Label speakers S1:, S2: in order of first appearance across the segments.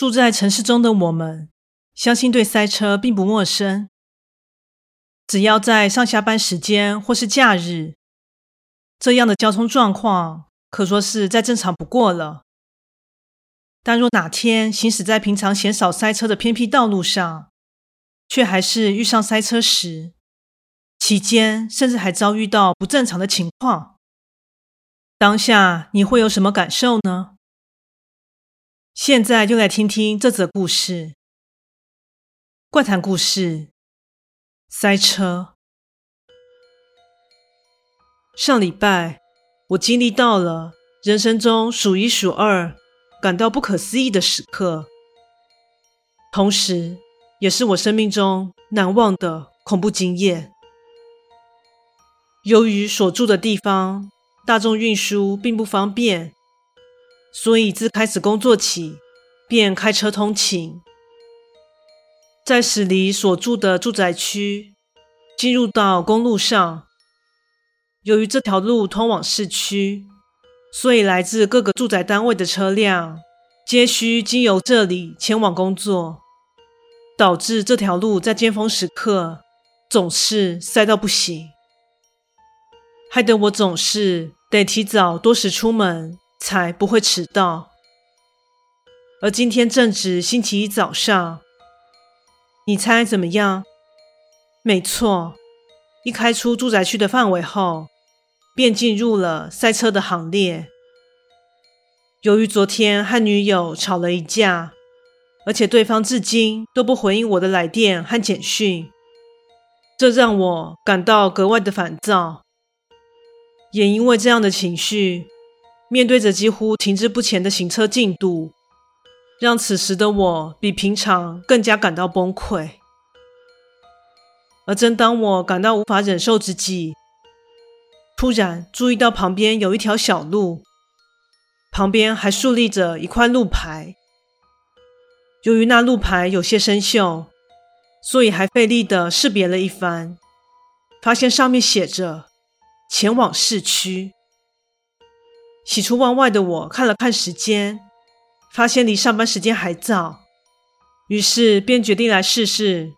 S1: 住在城市中的我們，相信對塞車並不陌生。只要在上下班時間或是假日，這樣的交通狀況可說是再正常不過了。但若哪天行駛在平常鮮少塞車的偏僻道路上，卻還是遇上塞車時，期間甚至還遭遇到不正常的情況。當下你會有什麼感受呢？現在就來聽聽這則故事。怪談故事：塞車。上禮拜，我經歷到了人生中數一數二感到不可思議的時刻，同時，也是我生命中難忘的恐怖經驗。由於所住的地方大眾運輸並不方便。所以自開始工作起，便開車通勤，在駛離所住的住宅區，進入到公路上。由於這條路通往市區，所以來自各個住宅單位的車輛皆需經由這裡前往工作，導致這條路在尖峰時刻總是塞到不行，害得我總是得提早多時出門。才不會遲到。而今天正值星期一早上，你猜怎麼樣？沒錯，一開出住宅區的範圍後，便進入了塞車的行列。由於昨天和女友吵了一架，而且對方至今都不回應我的來電和簡訊，這讓我感到格外的煩躁。也因為這樣的情緒，面對着幾乎停滯不前的行車進度，讓此時的我比平常更加感到崩潰。而正當我感到無法忍受之際，突然注意到旁邊有一條小路，旁邊還豎立着一塊路牌。由於那路牌有些生鏽，所以還費力的識別了一番，發現上面寫着“前往市區”。喜出望外的我看了看時間，發現離上班時間還早，於是便決定來試試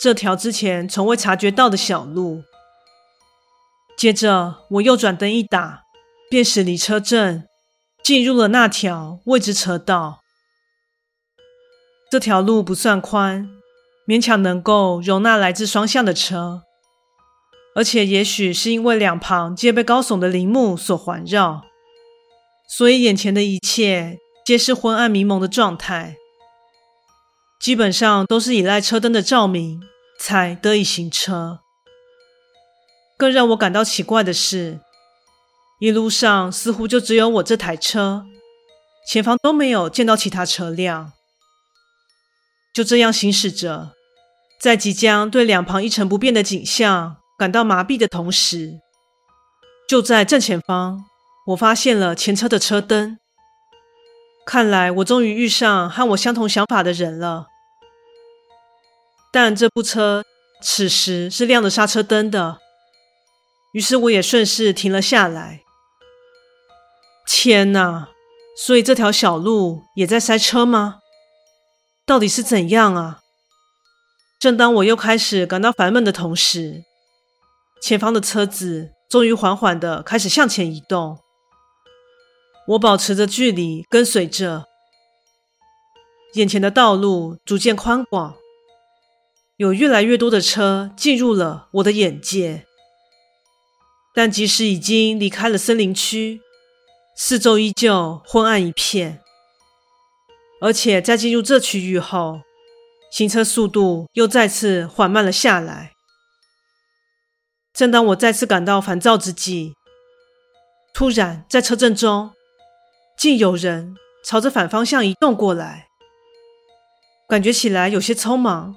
S1: 這條之前從未察覺到的小路。接着我右轉燈一打，便駛離車陣，進入了那條未知車道。這條路不算寬，勉強能夠容納來自雙向的車，而且也許是因為兩旁皆被高聳的林木所環繞。所以眼前的一切皆是昏暗迷濛的狀態，基本上都是依賴車燈的照明才得以行車。更讓我感到奇怪的是，一路上似乎就只有我這台車，前方都沒有見到其他車輛。就這樣行駛着，在即將對兩旁一成不變的景象感到麻痹的同時，就在正前方。我發現了前車的車燈，看來我終於遇上和我相同想法的人了。但這部車此時是亮着剎車燈的，於是我也順勢停了下來。天哪！所以這條小路也在塞車嗎？到底是怎樣啊？正當我又開始感到煩悶的同時，前方的車子終於緩緩的開始向前移動。我保持着距離，跟隨着眼前的道路逐漸寬廣，有越來越多的車進入了我的眼界。但即使已經離開了森林區，四周依舊昏暗一片，而且在進入這區域後，行車速度又再次緩慢了下來。正當我再次感到煩躁之際，突然在車陣中，竟有人朝着反方向移動過來，感覺起來有些匆忙，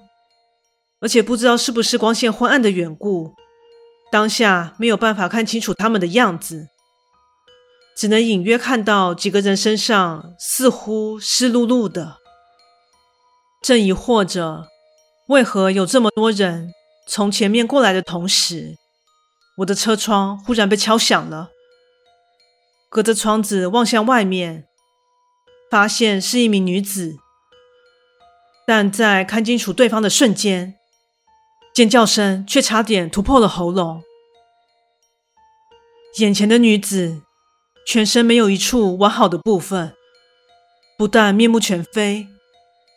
S1: 而且不知道是不是光線昏暗的緣故，當下沒有辦法看清楚他們的樣子，只能隱約看到幾個人身上似乎濕漉漉的。正疑惑着為何有這麼多人從前面過來的同時，我的車窗忽然被敲響了。隔着窗子望向外面，發現是一名女子。但在看清楚對方的瞬間，尖叫聲卻差點突破了喉嚨。眼前的女子全身沒有一處完好的部分，不但面目全非，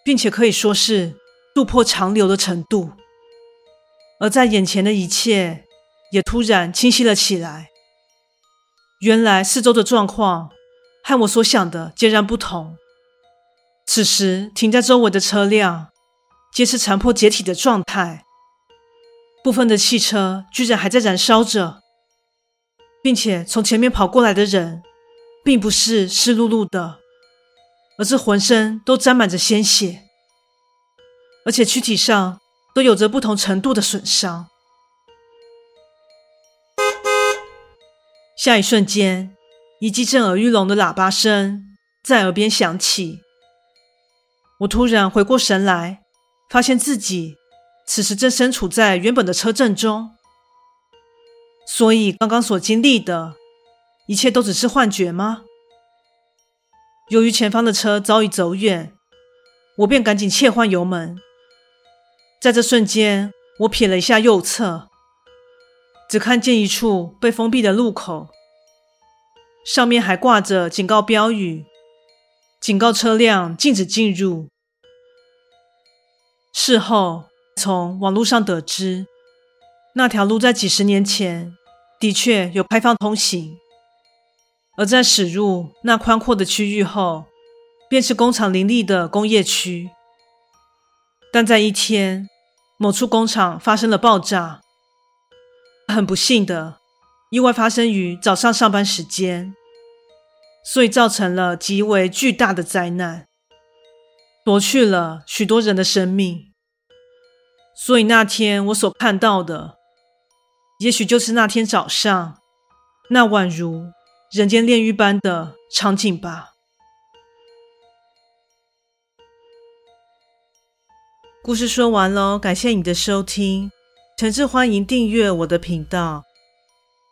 S1: 并且可以說是“肚破腸流”的程度。而在眼前的一切也突然清晰了起來。原來四周的狀況和我所想的截然不同。此時停在周圍的車輛皆是殘破解體的狀態，部分的汽車居然還在燃燒着，並且從前面跑過來的人，並不是濕漉漉的，而是渾身都沾滿着鮮血，而且軀體上都有着不同程度的損傷。下一瞬間，一記震耳欲聾的喇叭聲在耳邊響起。我突然回過神來，發現自己此時正身處在原本的車陣中。所以，剛剛所經歷的一切都只是幻覺嗎？由於前方的車早已走遠，我便趕緊切換油門。在這瞬間，我瞥了一下右側，只看見一處被封閉的路口。上面還掛着警告標語：“警告車輛禁止進入。”事後從網絡上得知，那條路在幾十年前的確有開放通行，而在駛入那寬闊的區域後，便是工廠林立的工業區。但在一天，某處工廠發生了爆炸，很不幸的。意外發生於早上上班時間，所以造成了極為巨大的災難，奪去了許多人的生命。所以那天我所看到的，也許就是那天早上那宛如人間煉獄般的場景吧。故事說完嘍，感謝你的收聽，誠摯歡迎訂閱我的頻道。